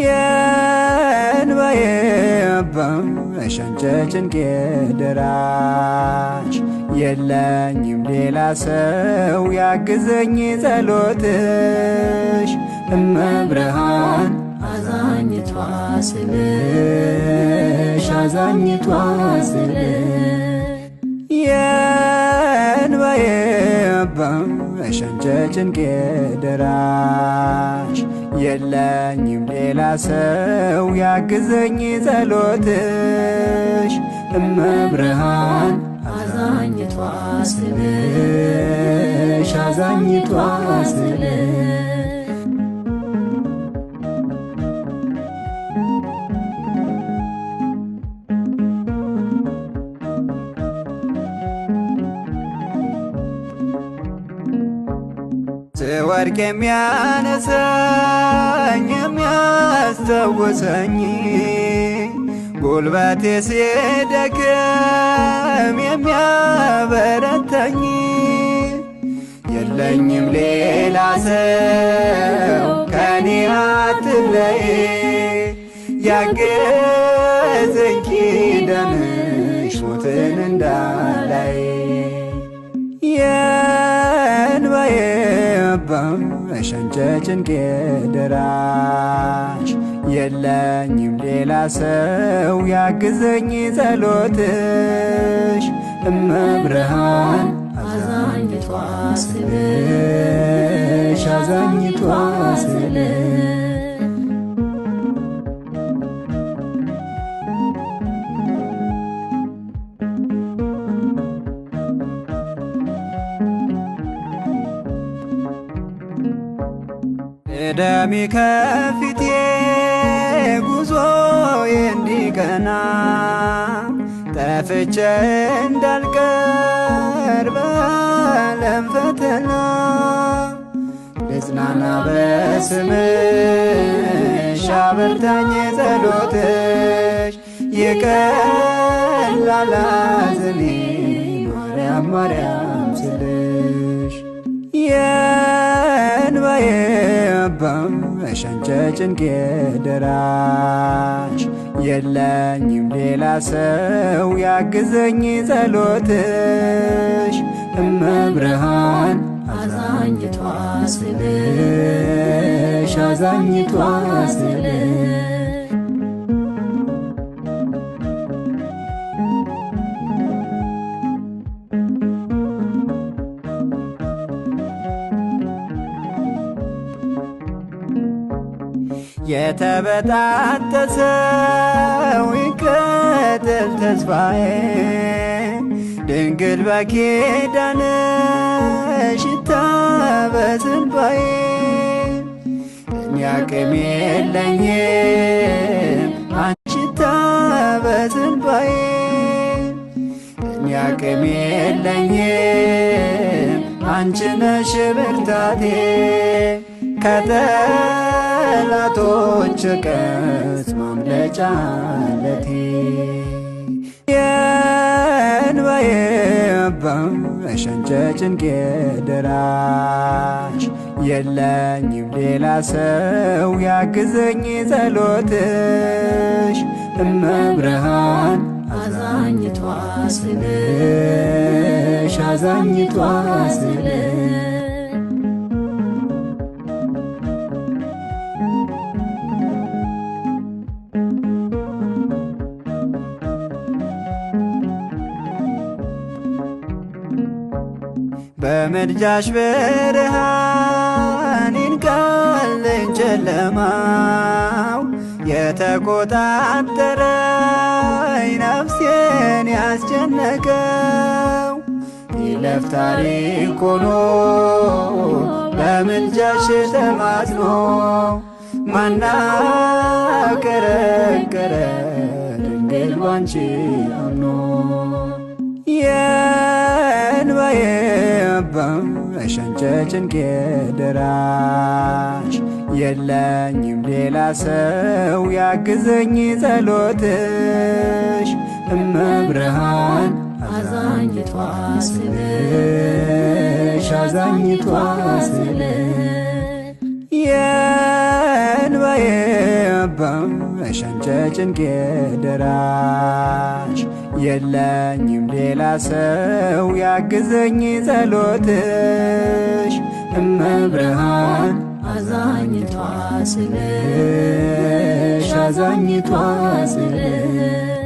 የእንባዬ አባሽ አንቺ ጭንቄ ደራሽ የለኝም ሌላ ሰው ያግዘኝ ጸሎትሽ እመብርሃን አዛኝቷ ስልሽ አዛኝቷ ስልሽ የእንባዬ አባሽ አንቺ ጭንቄ ደራሽ የለኝም ሌላ ሰው ያግዘኝ ጸሎትሽ እመብርሃን አዛኝቷ ስልሽ አዛኝቷ ስልሽ ወርቅ የሚያነሳ አስታወሰኝ ጉልበቴ ሲደክም የሚያበረታኝ የለኝም ሌላ ሰው ከኔ አትለይ ያገዘኝ ኪዳንሽ ሞትን እንዳላይ የእንባዬ አባ ሸንቸ ጭንቄ የለኝም ሌላ ሰው ያግዘኝ ጸሎትሽ እመብርሃን አዛኝቷ ስልሽ አዛኝቷ ደሚ ከፊ ገና ጠፍቼ እንዳልቀር ባለም ፈተና ልዝናና በስምሽ አበርታኝ ጸሎትሽ ይቀላል ሐዘኔ ማርያም ማርያም ስልሽ የእንባዬ አባ ሸንቼ ጭንቄ ደራ የለኝም ሌላ ሰው ያግዘኝ ጸሎትሽ እመብርሃን አዛኝቷ ስልሽ አዛኝቷ ስል የተበጣጠሰው ይከተል ተስፋዬ ድንግል በኪዳንሽ ይታበስንባዬ እኔ አቅም የለኝም አንቺ ይታበስንባዬ እኔ አቅም የለኝም አንቺ ነሽ ብርታቴ ከጠላቶች ማምለጫ ማምለጫለቴ የእንባዬ አባይ ሸንቸ ጭንቄ ደራሽ የለኝም ሌላ ሰው ያግዘኝ ጸሎትሽ እመብርሃን አዛኝቷ ስልሽ አዛኝቷ ስልሽ በመልጃሽ ብርሃን ይንቃልን ጨለማው የተቆጣጠረኝ ነፍሴን ያስጨነቀው ይለፍ ታሪክ ሆኖ በምልጃሽ ተማጽኖ ማናከረከረ ድንግል ባንቺ አምኖ ገባው ሸንቸ ጭንቄ ደራሽ የለኝም ሌላ ሰው ያግዘኝ ጸሎትሽ እመብርሃን አዛኝቷ ስልሽ አዛኝቷ ስልሽ የእንባዬ አባው ሸንቸ ጭንቄ ደራሽ የለኝም ሌላ ሰው ያግዘኝ ጸሎትሽ እመብርሃን አዛኝቷ ስለሽ አዛኝቷ ስለሽ